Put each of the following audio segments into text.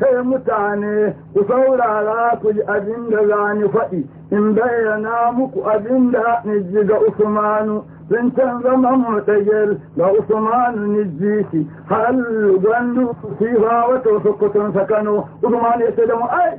kai mutane ku saurara ku ji abin da za ni faɗi in bayyana muku abin da ni ji ga usmanu بنتن غم معتجل لعثمان نجيتي هل جنوا فيها وتوفقة سكنوا عثمان يسلم أي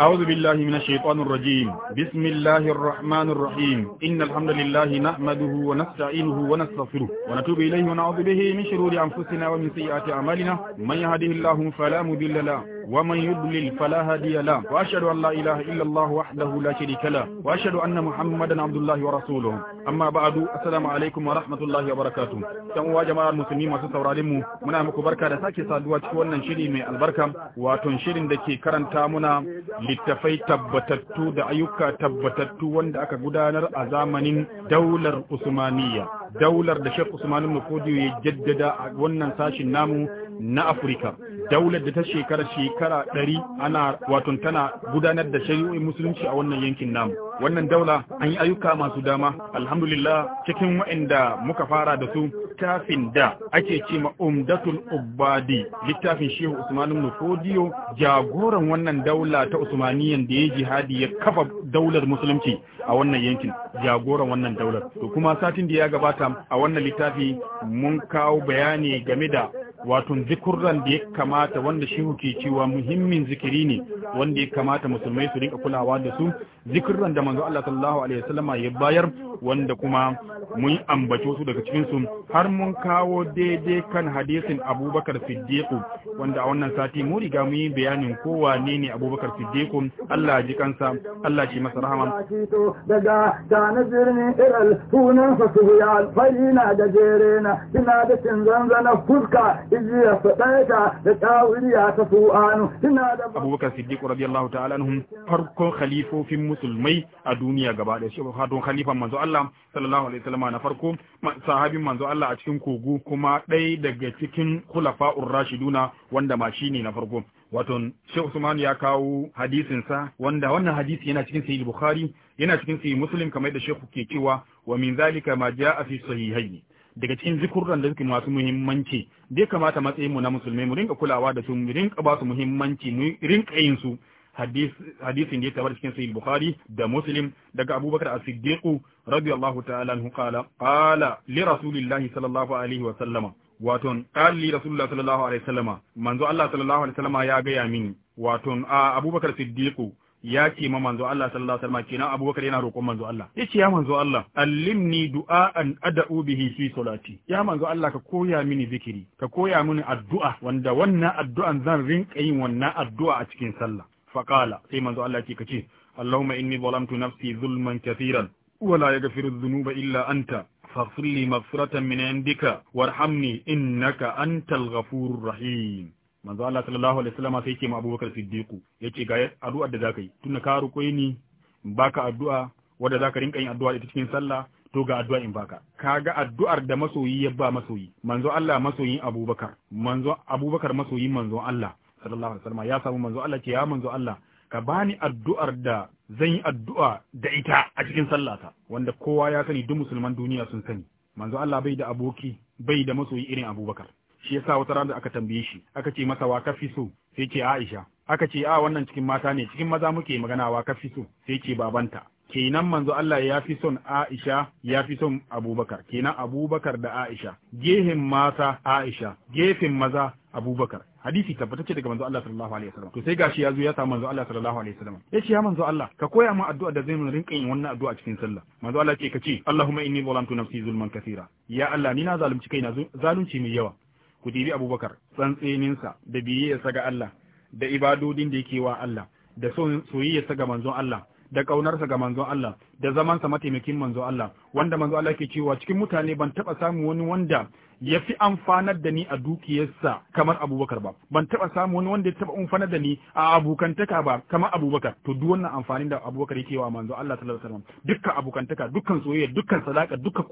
أعوذ بالله من الشيطان الرجيم بسم الله الرحمن الرحيم إن الحمد لله نحمده ونستعينه ونستغفره ونتوب إليه ونعوذ به من شرور أنفسنا ومن سيئات أعمالنا من يهده الله فلا مضل له ومن يضلل فلا هادي له وأشهد أن لا إله إلا الله وحده لا شريك له وأشهد أن محمدا عبد الله ورسوله أما بعد السلام عليكم ورحمة الله وبركاته كم جماعة المسلمين masu saurare mu muna muku barka da sake saduwa cikin wannan shiri mai albarka wato shirin da ke karanta muna littafai tabbatattu da ayyuka tabbatattu wanda aka gudanar a zamanin daular usmaniya daular da Sheikh Usman Mufodiyo ya jaddada a wannan sashin namu na Afirka daular da ta shekara shekara ɗari ana wato tana gudanar da shari'o'i musulunci a wannan yankin namu wannan daula an yi ayyuka masu dama alhamdulillah cikin wa'inda muka fara da su littafin da ake ce ma umdatul ubbadi littafin shehu usman ibn fodiyo jagoran wannan daula ta usmaniyan da ya jihadi ya kafa daular musulunci a wannan yankin jagoran wannan daular to kuma satin da ya gabata a wannan littafi mun kawo bayani game da wato zikurran da ya kamata wanda shi ke cewa muhimmin zikiri ne wanda ya kamata musulmai su rinka kulawa da su zikurran da manzo Allah sallallahu alaihi wasallam ya bayar wanda kuma mun ambace su daga cikin su har mun kawo daidai kan hadisin Abubakar Siddiq wanda a wannan sati mu riga mu yi bayanin ko wane ne Abubakar Siddiq Allah ji kansa Allah shi masa rahama daga tanazirni nazirin iral hunan fasu ya alfaina da jerena ina da cin zanzana fuska ijiya fadaita da tawiliya ta su'anu ina da abubakar siddiq radiyallahu ta'ala anhu farkon khalifofin musulmai a duniya gaba da shi don khalifan manzo Allah sallallahu alaihi wasallam na farko sahabin manzo Allah a cikin kogo kuma ɗaya daga cikin khulafa'ur rashiduna wanda ma shine na farko wato Sheikh Usman ya kawo hadisinsa wanda wannan hadisi yana cikin Sahih Bukhari yana cikin Sahih Muslim kamar da Sheikh ke cewa wa min zalika ma jaa fi sahihaini daga cikin zikurran da suke masu muhimmanci bai kamata matsayinmu na musulmai mu rinka kulawa da su mu rinka ba su muhimmanci mu rinka yin su hadisin da ya tabbata cikin sahih bukhari da muslim daga abubakar as-siddiq radiyallahu ta'ala anhu qala qala li rasulillahi sallallahu alaihi wa sallama waton ƙalli rasulullah sallallahu alaihi wasallama manzo Allah sallallahu alaihi wasallama ya gaya mini waton a abubakar siddiqu ya ce ma manzo Allah sallallahu alaihi wasallam Abubakar yana roƙon manzo Allah yace ya manzo Allah allimni du'aan ad'u bihi fi salati ya manzo Allah ka koya mini zikiri ka koya mini addu'a wanda wannan addu'an zan rinka yin wannan addu'a a cikin sallah faqala sai manzo Allah ce kace Allahumma inni zalamtu nafsi zulman kathiran wa la yaghfiru dhunuba illa anta faghfir li maghfiratan min indika warhamni innaka antal ghafurur rahim manzo Allah sallallahu alaihi wasallam sai yake ma Abubakar Siddiq yace ga addu'ar da zaka yi tunda ka roƙe ni baka addu'a wanda zaka rinka yin addu'a ita cikin sallah to ga addu'a in baka kaga addu'ar da masoyi ya ba masoyi manzo Allah masoyin Abubakar manzo Abubakar masoyin manzo Allah sallallahu alaihi wasallam ya samu manzo Allah ce ya manzo Allah ka bani addu'ar da zan yi addu'a da ita a cikin sallata wanda kowa ya sani duk musulman duniya sun sani manzo Allah bai da aboki bai da masoyi irin Abubakar shi yasa wata rana aka tambaye shi aka ce masa wa kafi so sai ce Aisha aka ce a wannan cikin mata ne cikin maza muke magana wa kafi so sai ce babanta kenan manzo Allah ya fi son Aisha ya fi son Abubakar kenan Abubakar da Aisha gehen mata Aisha gefen maza Abubakar hadisi tabbatacce daga manzo Allah sallallahu alaihi wasallam to sai gashi ya zo ya samu manzo Allah sallallahu alaihi wasallam yace ya manzo Allah ka koya min addu'a da zai mun rinka yin wannan addu'a cikin sallah manzo Allah ce kace Allahumma inni zalamtu nafsi zulman kathira ya Allah ni na zalunci kaina zalunci mai yawa ku dibi abubakar tsantseninsa da biye biyayyarsa ga Allah da ibadodin da yake wa Allah da soyayyarsa ga manzon Allah da kaunarsa ga manzon Allah da zamansa mataimakin manzon Allah wanda manzon Allah ke cewa cikin mutane ban taba samu wani wanda ya fi amfanar da ni a dukiyarsa kamar abubakar ba ban taba samu wani wanda ya taba amfanar da ni a abokantaka ba kamar abubakar to duk wannan amfanin da abubakar yake wa manzo Allah sallallahu alaihi wasallam dukkan abokantaka dukkan soyayya dukkan sadaka dukkan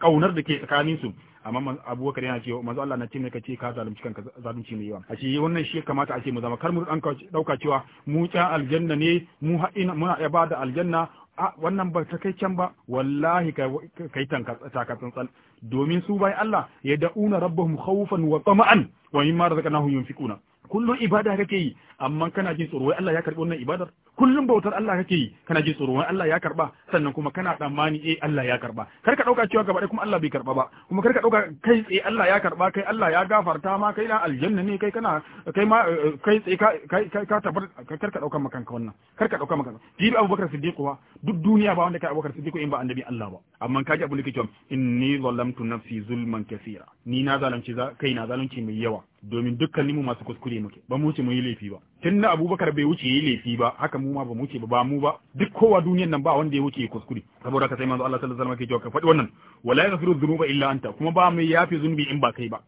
kaunar eh, da ke tsakanin su amma abubakar yana cewa manzo Allah na ce ka ce ka zalunci kanka zalunci mai yawa a ce eh, wannan shi kamata a ce mu zama kar mu dauka cewa mu ta aljanna ne mu muna iya bada aljanna a wannan ba ta kai can ba wallahi kai takatsantsan domin su bayan Allah ya da'una rabbahum khawfan wa tama'an wa mimma razaqnahum yunfiquna kullum ibada kake yi amma kana jin tsoro wai Allah ya karbi wannan ibadar kullum bautar Allah kake yi kana jin tsoro wai Allah ya karba sannan kuma kana tsammani eh Allah ya karba kar ka dauka cewa gaba kuma Allah bai karba ba kuma kar ka dauka kai tsaye Allah ya karba kai Allah ya gafarta ma kai na aljanna ne kai kana kai ma eh, kai tsaye ka ka tabbar kar ka dauka makan ka wannan kar ka dauka makan jibi Abubakar Siddiq wa duk duniya ba wanda kai Abubakar Siddiq in ba annabi Allah ba amma kaji abun da kike cewa inni zalamtu nafsi zulman kaseera ni na zalunci kai na zalunci mai yawa domin dukkanin mu masu kuskure muke ba mu wuce mu yi laifi ba tunda Abubakar bai wuce yi laifi ba haka mu ma ba mu wuce ba mu ba duk kowa duniyar nan ba wanda ya wuce kuskure saboda ka sai manzo Allah sallallahu alaihi wasallam ke cewa ka faɗi wannan wala yaghfiru dhunuba illa anta kuma ba mai yafi zunubi in ba kai ba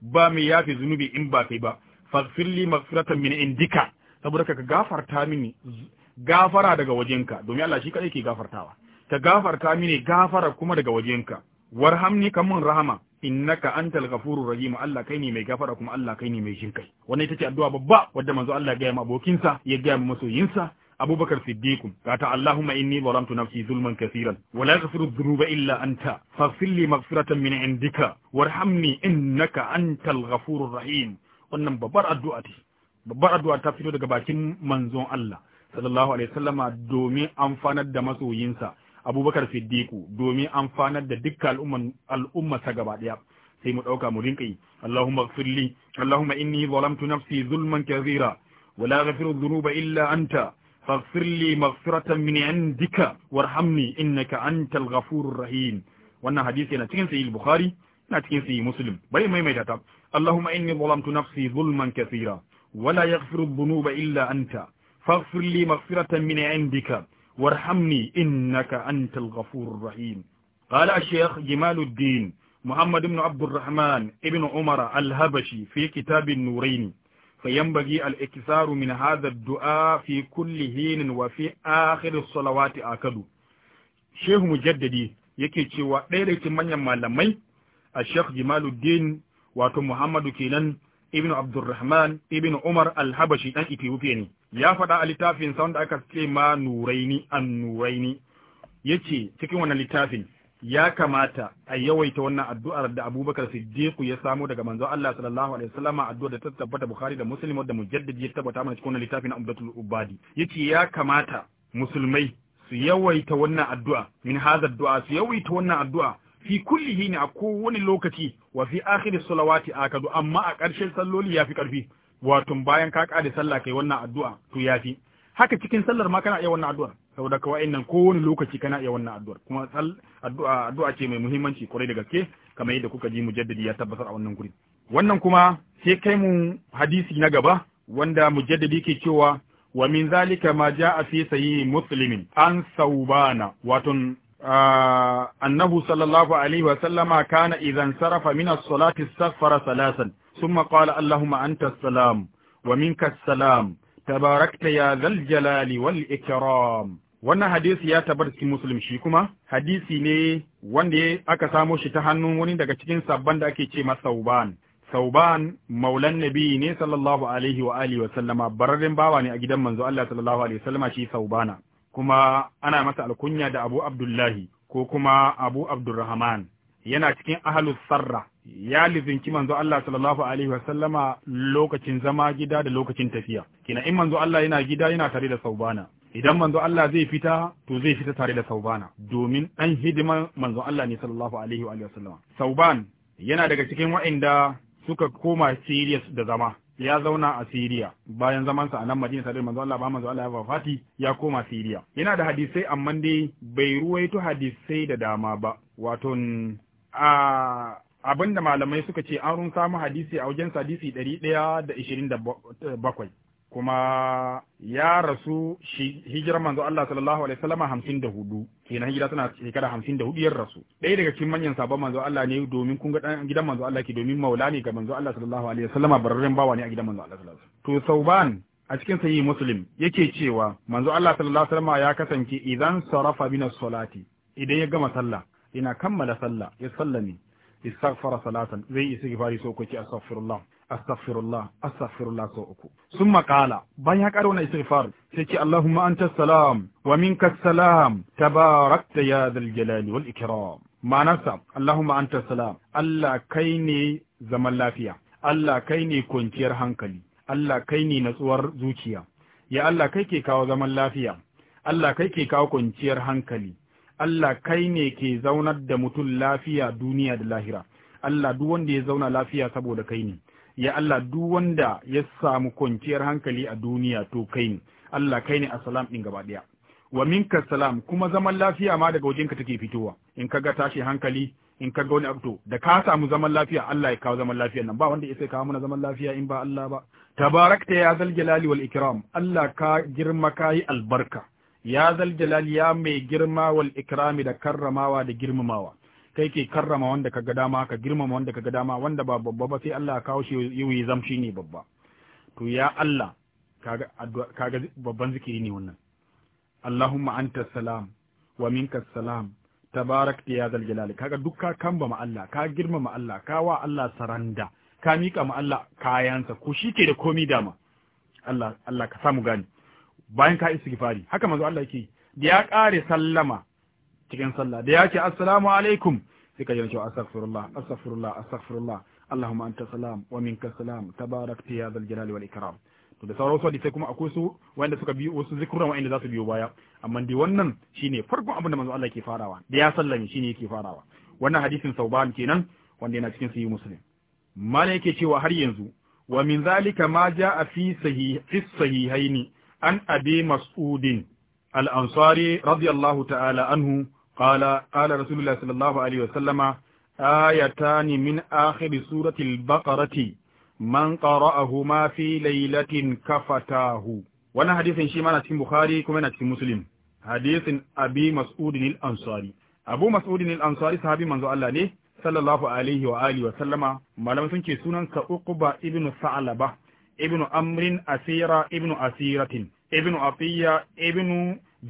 ba mai yafi zunubi in ba kai ba faghfir li maghfiratan min indika saboda ka gafarta mini gafara daga wajenka domin Allah shi kadai ke gafartawa ka gafarta mini gafara kuma daga wajenka warhamni kamun rahama innaka antal ghafurur rahim Allah kai ne mai gafara kuma Allah kai ne mai shinkai wannan ita ce addu'a babba wadda manzo Allah ya ga ma abokinsa ya ga ma masoyinsa abubakar siddiq ka ta allahumma inni zalamtu nafsi zulman kaseeran wa la yaghfiru dhunuba illa anta faghfir li maghfiratan min indika warhamni innaka antal ghafurur rahim wannan babbar addu'a ce babbar addu'a ta fito daga bakin manzon Allah sallallahu alaihi wasallama domin amfanar da masoyinsa abubakar siddiku domin amfanar da dukkan al'ummar al'ummarsa gaba daya sai mu ɗauka mu rinka yi allahumma ighfir li allahumma inni zalamtu nafsi zulman kathira wa la ghafiru dhunuba illa anta faghfir li maghfiratan min indika warhamni innaka antal ghafurur rahim wannan hadisi yana cikin sahih bukhari yana cikin sahih muslim bai maimaita ta allahumma inni zalamtu nafsi zulman kathira wa la ghafiru dhunuba illa anta faghfir li maghfiratan min indika وارحمني إنك أنت الغفور الرحيم قال الشيخ جمال الدين محمد بن عبد الرحمن ابن عمر الهبشي في كتاب النورين فينبغي الاكثار من هذا الدعاء في كل حين وفي آخر الصلوات أكدو شيخ مجددي yake cewa ɗaya da cikin manyan malamai a Sheikh Jamaluddin wato Muhammadu kenan Ibn Abdulrahman Ibn Umar Al-Habashi dan Ethiopia ne ya faɗa a littafin sa wanda aka ce ma nuraini an nuraini yace cikin wannan littafin ya kamata a yawaita wannan addu'ar da Abubakar Siddiq ya samu daga manzo Allah sallallahu alaihi wasallam addu'ar da ta tabbata Bukhari da Muslim da Mujaddid ya tabbata mana cikin wannan littafin Abdul Ubadi yace ya kamata musulmai su yawaita wannan addu'a min hadha addu'a su yawaita wannan addu'a fi kulli ne a kowane lokaci wa fi akhir salawati akadu amma a ƙarshen salloli ya fi ƙarfi wato bayan ka kare sallah kai wannan addu'a to yafi haka cikin sallar ma kana iya wannan addu'a saboda ka wa'annan kowane lokaci kana iya wannan addu'ar kuma addu'a addu'a ce mai muhimmanci kwarai da gaske kamar yadda kuka ji mujaddidi ya tabbatar a wannan guri wannan kuma sai kai mu hadisi na gaba wanda mujaddidi ke cewa wa min zalika ma jaa fi sayyi muslimin an saubana waton annahu sallallahu alaihi wa sallama kana idan sarafa min as-salati istaghfara salasan ثم قال اللهم أنت السلام ومنك السلام تباركت يا ذا الجلال والإكرام wannan hadisi ya tabbata cikin musulunci kuma hadisi ne wanda aka samo shi ta hannun wani daga cikin sabban da ake ce masa sauban sauban maulan nabi ne sallallahu alaihi wa alihi wa sallama bararren bawa ne a gidan manzo Allah sallallahu alaihi wa sallama shi saubana kuma ana masa alkunya da abu abdullahi ko kuma abu abdurrahman yana cikin ahalus sarra ya lizinci manzo Allah sallallahu alaihi wasallama lokacin zama gida da lokacin tafiya kina in manzo Allah yana gida yana tare da saubana idan manzo Allah zai fita to zai fita tare da saubana domin dan hidiman manzo Allah ne sallallahu alaihi wa sallama sauban yana daga cikin wa'inda suka koma serious da zama ya zauna a Siriya bayan zamansa a nan Madina tare manzo Allah ba manzo Allah ya wafati ya koma Siriya yana da hadisai amma dai bai ruwaito hadisai da dama ba wato abin da malamai suka ce an run samu hadisi a wajen hadisi ɗari ɗaya da ishirin da eh, bakwai kuma ya rasu hijirar manzo Allah sallallahu alaihi wasallam hamsin da hudu kenan hijira tana shekara hamsin da hudu ya rasu ɗaya daga cikin manyan sabon manzo Allah ne domin kun ga gidan manzo Allah ke domin maula ne ga manzo Allah sallallahu alaihi wasallam bararren bawa ne a gidan manzo Allah sallallahu alaihi wasallam to sauban a cikin sahihi muslim yake cewa manzo Allah sallallahu alaihi wasallam ya kasance idan sarafa min salati idan ya gama sallah ina kammala sallah ya sallame istaghfara salatan zai yi istighfari sau uku ki astaghfirullah astaghfirullah astaghfirullah sau uku sun makala bayan ya karo na istighfar sai ki allahumma anta salam wa minka salam tabarakta ya dhal jalali wal ikram ma'anarsa allahumma anta salam Allah kai ne zaman lafiya Allah kai ne kwanciyar hankali Allah kai ne natsuwar zuciya ya Allah kai ke kawo zaman lafiya Allah kai ke kawo kwanciyar hankali Allah kai ne ke zaunar da mutum lafiya duniya da lahira Allah duk wanda ya zauna lafiya saboda kai ne ya Allah duk wanda ya samu kwanciyar hankali a duniya to kai ne Allah kai ne a salam din gaba ɗaya. wa minka salam kuma zaman lafiya ma daga wajenka take fitowa in ka ga tashi hankali in ka ga wani abu to da ka samu zaman lafiya Allah ya kawo zaman lafiya nan ba wanda ya sai kawo mana zaman lafiya in ba Allah ba tabarakta ya zalge lalewar wal ikram Allah ka girma ka yi albarka ya zal jalal ya mai girma wal ikrami da karramawa da girmamawa kai ke karrama wanda ka ga dama ka girmama wanda ka ga dama wanda ba babba ba sai Allah ya kawo shi yi zamshi ne babba to ya Allah kaga kaga babban zikiri ne wannan Allahumma anta salam wa minka salam tabarak ya zal jalal kaga dukka kan ba ma Allah ka girmama Allah ka wa Allah saranda ka mika ma Allah kayansa ko shike da komi dama Allah Allah ka samu gani bayan ka istighfari haka manzo Allah yake da ya kare sallama cikin sallah da ya ce assalamu alaikum sai ka jira cewa astaghfirullah astaghfirullah astaghfirullah Allahumma anta salam wa minka salam tabarakta ya zal jalali wal ikram to da sauran wasu sai kuma akwai su wanda suka biyo wasu zikuran wanda za su biyo baya amma dai wannan shine farkon abin da manzo Allah ke farawa da ya sallame shine yake farawa wannan hadisin sauban kenan wanda yana cikin sahih muslim mala yake cewa har yanzu wa min zalika ma jaa fi sahih fi sahihaini an abi mas'udin al-ansari radiyallahu ta'ala anhu qala qala rasulullah sallallahu alaihi wasallama ayatani min akhir surati al-baqarati man qara'ahuma fi laylatin kafatahu wannan hadisin shi mana cikin bukhari kuma yana cikin muslim hadisin abi mas'udin al-ansari abu mas'udin al-ansari sahabi manzo Allah ne sallallahu alaihi wa sallama malamai sunke ce sunansa uqba ibn sa'laba ibnu amrin asira ibnu asiratin ibnu atiya ibnu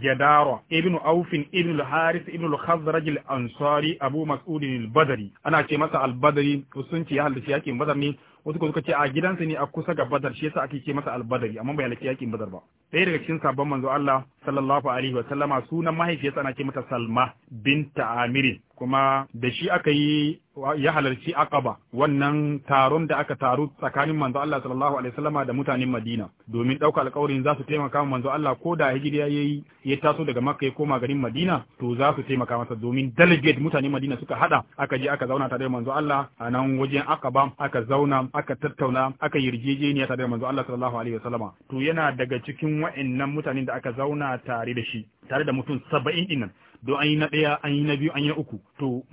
جدارة ابن أوف ابن الحارث ابن الخزرج الأنصاري أبو مسعود البدري أنا كي مسا البدري وسنتي أهل سياكي بدر ني wasu suka ce a gidansa ne a kusa ga badar shi yasa ake ce masa albadari amma bai badar ba ɗaya daga cikin sabon manzo Allah sallallahu alaihi wa sallama sunan mahaifiyarsa ana ce mata Salma binta Amiri. kuma da shi aka yi ya halarci Aqaba wannan taron da aka taru tsakanin manzo Allah sallallahu alaihi sallama da mutanen Madina domin ɗauka alƙawarin za su taimaka manzo Allah ko da hijira yi ya taso daga Makka ya koma garin Madina to za su taimaka masa domin delegate mutanen Madina suka haɗa aka je aka zauna tare da manzo Allah a nan wajen Aqaba aka zauna aka tattauna aka yarjejeniya tare da manzo Allah sallallahu alaihi sallama to yana daga cikin wa'annan mutanen da aka zauna tare da shi tare da mutum saba'in dinnan don an yi na ɗaya an yi na biyu an yi na uku to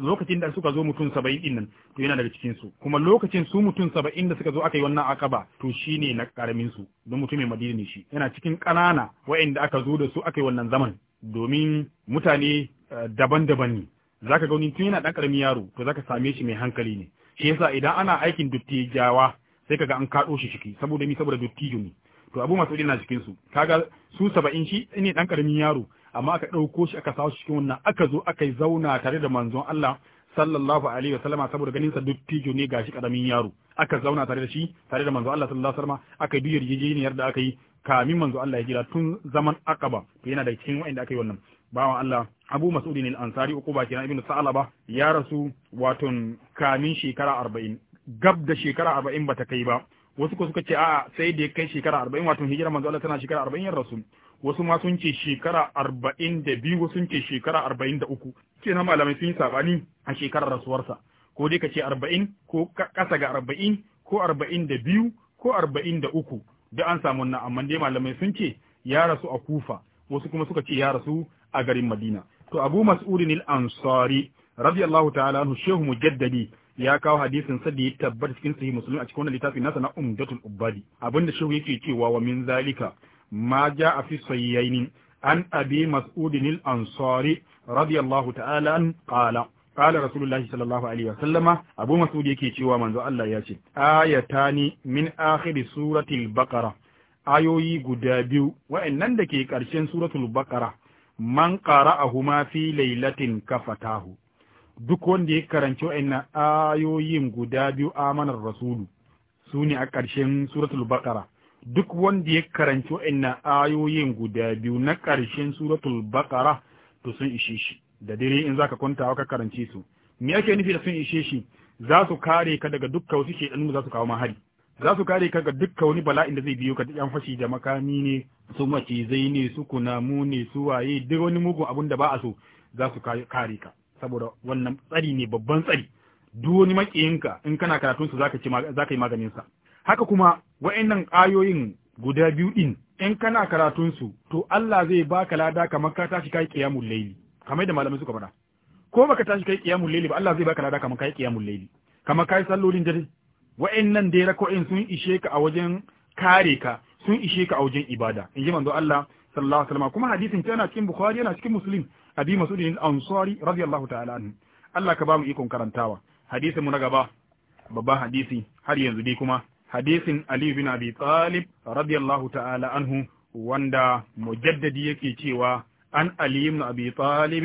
lokacin da suka zo mutum saba'in dinnan to yana daga cikin su kuma lokacin su mutum saba'in da suka zo aka yi wannan akaba to shi ne na karamin su don mutum mai madina ne shi yana cikin ƙanana wa'anda aka zo da su aka yi wannan zaman domin mutane eh, daban-daban ne zaka ga wani tun yana ɗan ƙaramin yaro to zaka same shi mai hankali ne shi yasa idan ana aikin jawa sai kaga an kaɗo shi ciki saboda mi saboda dutti ne to abu mas'ud na cikin su kaga su 70 shi ne dan karamin yaro amma aka dauko shi aka sawo shi cikin wannan aka zo aka yi zauna tare da manzon Allah sallallahu alaihi wasallama saboda ganin sa dottijo ne gashi karamin yaro aka zauna tare da shi tare da manzon Allah sallallahu alaihi wasallama aka yi biyar yarjejeniyar da aka yi kamin manzo Allah ya jira tun zaman Aqaba to yana da cikin wanda aka yi wannan bawan Allah Abu Mas'ud al-Ansari Uquba kenan Ibn Sa'laba ya rasu waton kamin shekara 40 gab da shekara 40 bata kai ba wasu ko suka ce a sai da ya kai shekara arba'in wato hijira manzo Allah tana shekara arba'in yin rasul wasu ma sun ce shekara arba'in da biyu wasu sun ce shekara arba'in da uku ce na malamai sun yi saɓani a shekarar rasuwarsa ko dai ka ce arba'in ko ƙasa ga arba'in ko arba'in da biyu ko arba'in da uku da an samu wannan amma dai malamai sun ce ya rasu a kufa wasu kuma suka ce ya rasu a garin madina to abu mas'udin al-ansari radiyallahu ta'ala anhu shehu mujaddadi ya kawo hadisin sa da ya tabbata cikin sahih muslim a cikin wannan littafin nasa na umdatul ubadi abinda shehu yake cewa wa min zalika ma jaa fi sayyain an abi mas'ud al-ansari radiyallahu ta'ala an qala qala rasulullahi sallallahu alaihi wa sallama abu mas'ud yake cewa manzo Allah ya ce ayatani min akhir surati al-baqara ayoyi guda biyu wa'annan da ke ƙarshen suratul baqara man qara'ahuma fi lailatin kafatahu duk wanda ya karanci wa'annan ayoyin guda biyu amanar rasulu su ne a ƙarshen suratul baqara duk wanda ya karanci wa'annan ayoyin guda biyu na ƙarshen suratul baqara to sun ishe shi da dare in zaka kwanta ka karanci su me ake nufi da sun ishe shi za su kare ka daga dukkan wasu shedanu za su kawo mahari za su kare ka ga dukkan wani bala'in da zai biyo ka yan fashi da makami ne su macizai ne su kunamu ne su waye duk wani mugun abun da ba a so za su kare ka saboda wannan tsari ne babban tsari duk wani makiyinka in kana karatun su zaka ci zaka yi maganin sa haka kuma wa'annan ayoyin guda biyu din in kana karatun su to Allah zai baka lada kamar ka tashi kai kiyamul laili. kamar da malamai suka faɗa ko baka tashi kai kiyamul laili ba Allah zai baka lada kamar kai kiyamul laili. kamar kai sallolin dare wa'annan dai rako'in sun ishe ka a wajen kare ka sun ishe ka a wajen ibada in ji manzo Allah sallallahu alaihi wasallam kuma hadisin yana cikin bukhari yana cikin muslim abi mas'ud ansari radiyallahu ta'ala anhu Allah ka ba mu ikon karantawa hadisin mu na gaba babban hadisi har yanzu dai kuma hadisin Ali bin Abi Talib radiyallahu ta'ala anhu wanda mujaddadi yake cewa an Ali ibn Abi Talib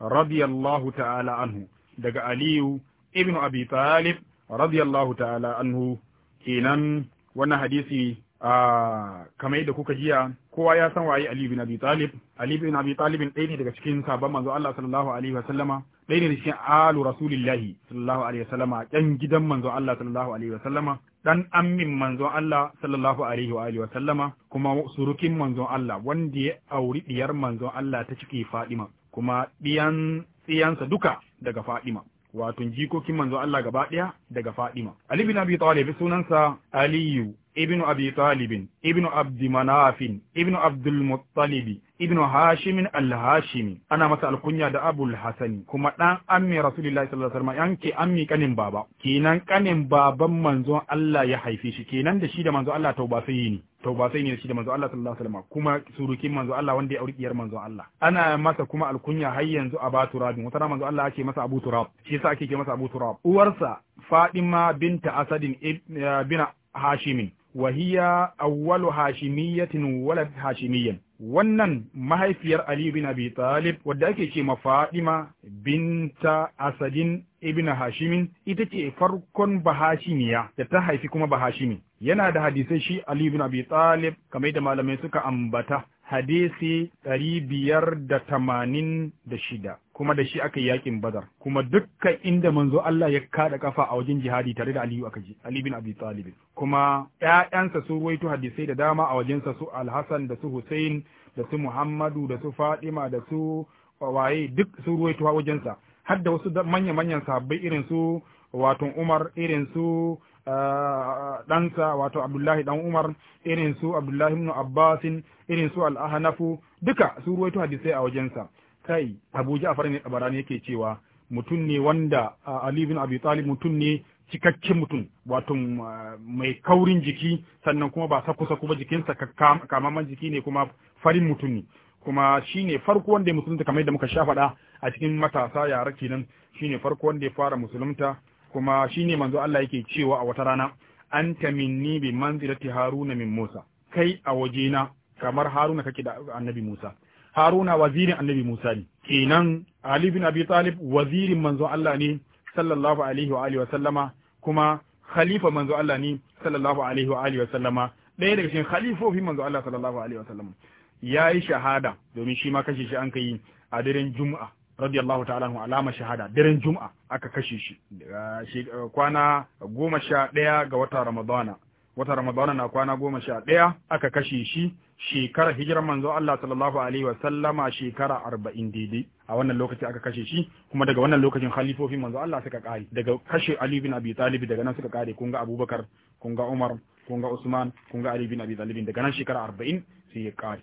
radiyallahu ta'ala anhu daga Aliyu ibn Abi Talib radiyallahu ta'ala anhu kenan wannan hadisi kamar yadda kuka jiya kowa ya san waye Ali bin Abi Talib Ali bin Abi Talib ɗaya ne daga cikin sabon manzo Allah sallallahu alaihi wa sallama ɗaya ne daga cikin alu rasulillahi sallallahu alaihi wa sallama ɗan gidan manzo Allah sallallahu alaihi wa sallama dan ammin manzo Allah sallallahu alaihi wa alihi wa sallama kuma surukin manzo Allah wanda ya auri diyar manzo Allah ta ciki Fadima kuma diyan tsiyansa duka daga Fadima wato jikokin manzo Allah gaba daya daga Fadima Ali bin Abi Talib sunansa Aliyu ابن أبي طالب ابن عبد مناف ابن عبد المطلب ابن هاشم الهاشمي أنا مسأل كنيا دا أبو الحسن كما دان أمي رسول الله صلى الله عليه وسلم ينكي أمي كنن بابا كينان كنن بابا منزون الله يحيفي شي كينان دا شي منزون الله توبا سيني tauba sai ne shi da manzo Allah sallallahu alaihi wasallam kuma surukin manzo Allah wanda ya auri diyar manzo Allah ana masa kuma alkunya har yanzu Aba Turab wata manzo Allah ake masa Abu Turab shi yasa ake ke masa Abu Turab uwarsa Fadima binta Asadin abina eh, Hashimin wa hiya awwalu hashimiyyatin walad hashimiyyan wannan mahaifiyar Ali bin Abi Talib wadda ake ce ma Fadima binta Asadin ibn Hashimi ita ce farkon Bahashimiya da ta haifi kuma Bahashimi yana da hadisai shi Ali bin Abi Talib kamar da malamai suka ambata hadisi ɗari biyar da tamanin da shida kuma da shi aka yi yakin badar kuma dukkan inda manzo Allah ya kada kafa a wajen jihadi tare da Aliyu aka ji Ali bin Abi Talib kuma ƴaƴansa su ruwaito hadisai da dama a wajen sa su Al-Hasan da su Hussein da su Muhammadu da su Fatima da su waye duk su ruwaito a wajen sa har da wasu manya manyan sahabbai irin su wato Umar irin su ah, ɗansa wato Abdullahi ɗan Umar irin su Abdullahi ibn Abbas irin su Al-Ahnafu duka su ruwaito hadisai a wajen sa kai Abu Ja'far ne tabarani yake cewa mutum ne wanda Ali bin Abi Talib mutum ne cikakken mutum wato mai kaurin jiki sannan kuma ba sakusa kuma jikinsa kamaman jiki ne kuma farin mutum ne kuma shine farko wanda ya musulunta kamar yadda muka sha faɗa a cikin matasa yara kenan shine farko wanda ya fara musulunta kuma shine manzo Allah yake cewa a wata rana anta minni bi manzilati haruna min musa kai a waje na kamar haruna kake da annabi musa haruna wazirin annabi musa ne kenan ali bin abi talib wazirin manzo Allah ne sallallahu alaihi wa alihi wa sallama kuma khalifa manzo Allah ne sallallahu alaihi wa alihi wa sallama ɗaya daga cikin khalifofin manzo Allah sallallahu alaihi wa sallama yi shahada domin shi ma kashe shi an kai a daren juma'a radiyallahu ta'ala anhu alama shahada daren juma'a aka kashe shi kwana goma sha ɗaya ga watan ramadana wata ramadana na kwana goma sha ɗaya aka kashe shi shekarar hijirar manzo Allah sallallahu alaihi wa sallama shekara arba'in daidai a wannan lokaci aka kashe shi kuma daga wannan lokacin khalifofi manzo Allah suka kare daga kashe Ali bin Abi Talib daga nan suka kare kun ga Abubakar kun ga Umar kun ga Usman kun ga Ali bin Abi Talib daga nan shekara arba'in sai ya kare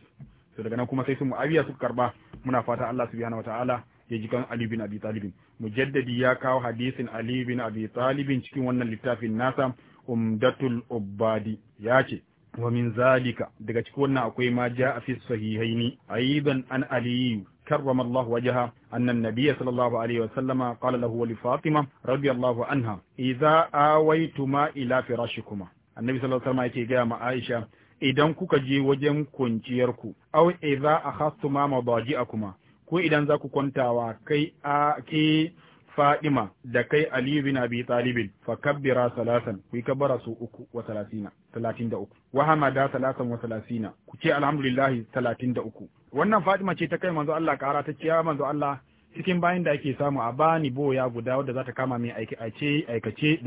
to daga nan kuma sai su Muawiya suka karba muna fata Allah subhanahu wataala ya ji kan Ali bin Abi Talib mujaddadi ya kawo hadisin Ali bin Abi Talib cikin wannan littafin nasa umdatul ubbadi ya ce wa min zalika daga cikin wannan akwai ma ja fi sahihaini aidan an aliyu كرم الله وجهه أن النبي صلى الله عليه وسلم قال له ولفاطمة رضي الله عنها إذا آويتما إلى فراشكما النبي صلى الله عليه وسلم يكي قام عائشة إذا كوكا جي وجم كنجيركو أو إذا أخذتما مضاجئكما ko idan za ku kwantawa kai a ke Fadima da kai Ali bin Abi Talib fa kabbira salatan ku kabbara su uku wa talatina talatin da uku wa hamada salatan wa talatina ku ce alhamdulillah talatin da uku wannan Fadima ce ta kai manzo Allah kara ta ce ya manzo Allah cikin bayan da ake samu a bani boya guda wadda za ta kama mai aikace aikace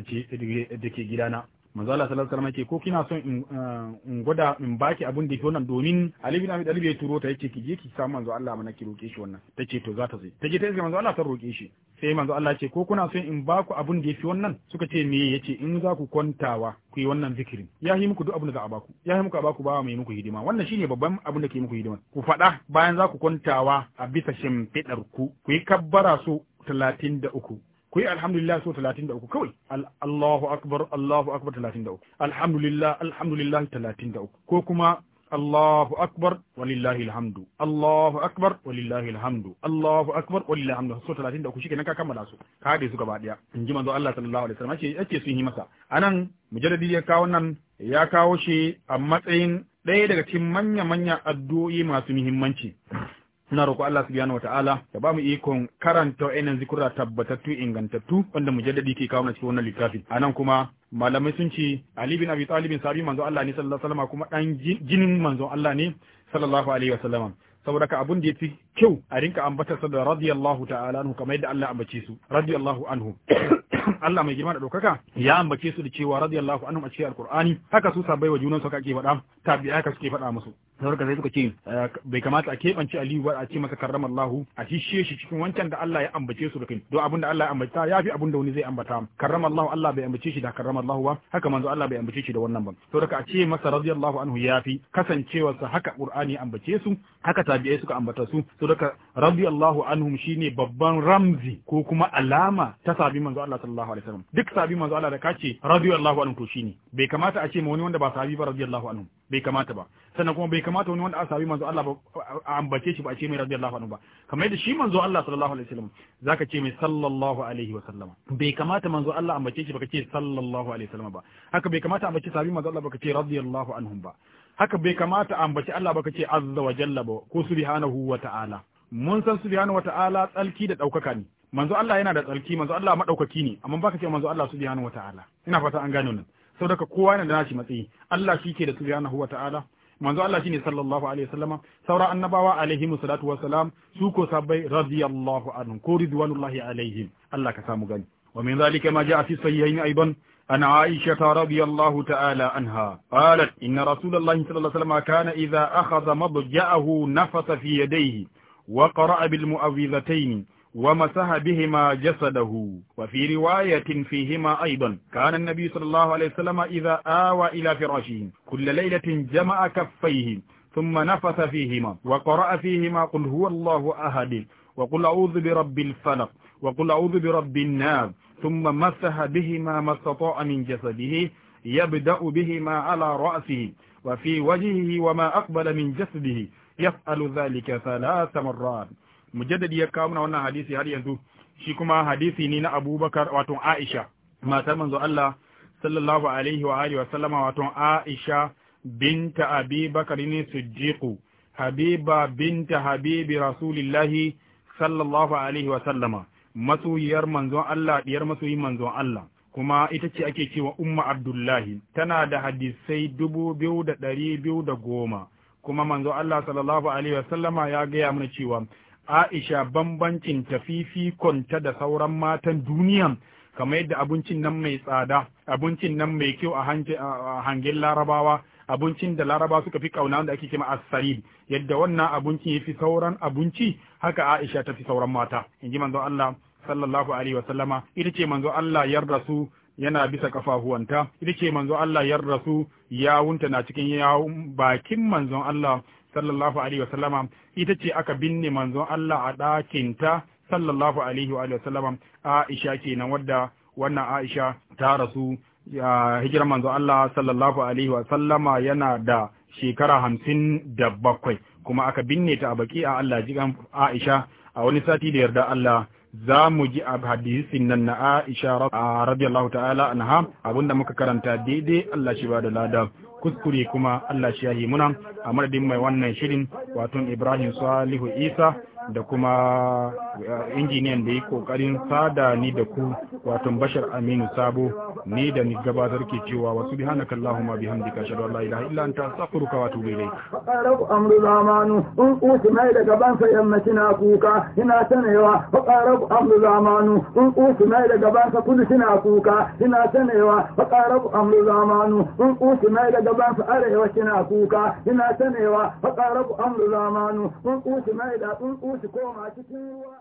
da ke gidana manzo Allah sallallahu alaihi wasallam ko kina son eh, in gwada in baki abin da yake wannan domin Ali bin Abi Talib ya turo ta yace ki je ki samu manzo Allah mana ki roke shi wannan tace to za ta je taje ta iske manzo Allah ta roke shi sai manzo Allah ce ko kuna son in baku abin da yake wannan suka ce me yace in za ku kwantawa ku yi wannan zikirin ya yi muku duk abin da za a baku ya yi muku a baku bawa mai muku hidima wannan shine babban abin da ke muku hidima ku fada bayan za ku kwantawa a bisa shimfidar ku ku yi kabbara su talatin da uku ku yi alhamdulillah so uku kawai Allahu akbar Allahu akbar 33 alhamdulillah alhamdulillah uku ko kuma Allahu akbar walillahi alhamdu Allahu akbar walillahi alhamdu Allahu akbar walillahi alhamdu so talatin da 33 shikenan ka kammala su ka hade su gaba daya in ji manzo Allah sallallahu alaihi wasallam yace ake sun yi masa anan mujaddidi ya kawo nan ya kawo shi a matsayin ɗaya daga cikin manya-manya addu'o'i masu muhimmanci muna roƙo Allah subhanahu ta'ala ya ba mu ikon karanta wa'annan zikura tabbatattu ingantattu wanda mujaddadi ke kawo na cikin wannan littafin anan kuma malamai sun ce Ali bin Abi Talib sahabi manzo Allah ne sallallahu alaihi wasallam kuma dan jinin manzo Allah ne sallallahu alaihi wasallam saboda ka abun da fi kyau a rinka ambatarsa da radiyallahu ta'ala anhu kamar yadda Allah ambace su radiyallahu anhu Allah mai girma da ɗaukaka ya ambace su da cewa radiyallahu anhu a cikin alkur'ani haka su sabai wa junan su kake faɗa tabi'a haka suke faɗa musu sauraka sai suka ce eh, bai kamata a keɓance aliyu ba a ce masa karrama Allahu a shishe shi cikin wancan da Allah ya ambace su da kai don abin da Allah ya ambata ya fi abin da wani zai ambata karrama Allahu Allah bai ambace shi da karrama Allahu ba haka manzo Allah bai ambace shi da wannan ba sauraka a ce masa radiyallahu anhu ya fi kasancewarsa haka Qur'ani ya ambace su haka tabi'ai suka ambata su sauraka radiyallahu anhum shine babban ramzi ko kuma alama ta sabi manzo Allah sallallahu alaihi wasallam duk sabi manzo Allah da kace radiyallahu anhu to shine bai kamata a ce ma wani wanda ba sabi ba radiyallahu anhu bai kamata ba sannan kuma bai kamata wani wanda aka sami manzo Allah ba a ambace shi ba a ce mai radiyallahu anhu ba kamar yadda shi manzo Allah sallallahu alaihi wasallam zaka ce mai sallallahu alaihi wasallam bai kamata manzo Allah ambace shi ba kace sallallahu alaihi wasallam ba haka bai kamata ambace sabi manzo Allah ba kace radiyallahu anhu ba haka bai kamata ambace Allah ba kace azza wa jalla ba ko subhanahu wa ta'ala mun san subhanahu wa ta'ala tsalki da daukaka ne manzo Allah yana da tsalki manzo Allah madaukaki ne amma baka ce manzo Allah subhanahu wa ta'ala ina fata an gane nan saboda kowa yana da nashi matsayi Allah shi ke da subhanahu wa ta'ala manzo Allah shine sallallahu alaihi wasallama saura annabawa alaihi salatu wassalam su ko sabbai radiyallahu anhum ko ridwanullahi alaihim Allah ka samu gani wa min zalika ma jaa fi sahihayn aidan أن عائشة رضي الله تعالى عنها قالت إن رسول الله صلى الله عليه وسلم كان إذا أخذ مضجعه نفث في يديه وقرأ ومسح بهما جسده وفي رواية فيهما أيضا كان النبي صلى الله عليه وسلم إذا آوى إلى فراشه كل ليلة جمع كفيه ثم نفث فيهما وقرأ فيهما قل هو الله أهد وقل أعوذ برب الفلق وقل أعوذ برب النار ثم مسح بهما ما استطاع من جسده يبدأ بهما على رأسه وفي وجهه وما أقبل من جسده يفعل ذلك ثلاث مرات mujaddadi ya kawo mana wannan hadisi har yanzu shi kuma hadisi ne na abubakar wato aisha matar manzo Allah sallallahu alaihi wa alihi wa sallama wato aisha binta abi bakar ne siddiqu habiba binta habibi rasulillahi sallallahu alaihi wa sallama masoyiyar manzon Allah diyar masoyin manzon Allah kuma ita ce ake cewa umma abdullahi tana da hadisai dubu biyu da ɗari biyu da goma kuma manzo Allah sallallahu alaihi wa sallama ya gaya mana cewa Aisha bambancin tafifikonta da sauran matan duniya kamar yadda abincin nan mai tsada abincin nan mai kyau a hangen larabawa abincin da laraba suka fi kauna wanda ake kima as yadda wannan abincin ya fi sauran abinci haka Aisha ta fi sauran mata in ji manzo Allah sallallahu alaihi wa sallama ita ce manzo Allah ya rasu yana bisa kafahuwanta ita ce manzo Allah ya rasu yawunta na cikin yawun bakin manzon Allah sallallahu alaihi wasallama ita ce aka binne manzon Allah a ɗakinta sallallahu alaihi wa sallama Aisha kenan wadda wannan Aisha ta rasu hijira manzon Allah sallallahu alaihi wa sallama yana da shekara hamsin da bakwai kuma aka binne ta a baki a Allah jigan Aisha a wani sati da yarda Allah za mu ji a hadisin nan na Aisha radiyallahu ta'ala anha abinda muka karanta daidai Allah shi ba da lada kuskure kuma Allah shi yi muna a madadin mai wannan shirin wato Ibrahim Salihu Isa da kuma eh, injiniyan da yi kokarin sada ni da ku wato bashar aminu sabo ni da ni gabatar ke cewa wasu bi hana kallahu ma bi hamdika shaɗu Allah ilaha illa anta astaghfiruka wa atubu ilayk qara'u amru zamanu in kusi mai daga ban sa yammaci na kuka ina sanewa fa amru zamanu in kusi mai daga ban sa kudu sina kuka ina sanewa fa amru zamanu in kusi mai daga ban sa arewa sina kuka ina sanewa fa amru zamanu in kusi mai da in kusi su koma cikin ruwa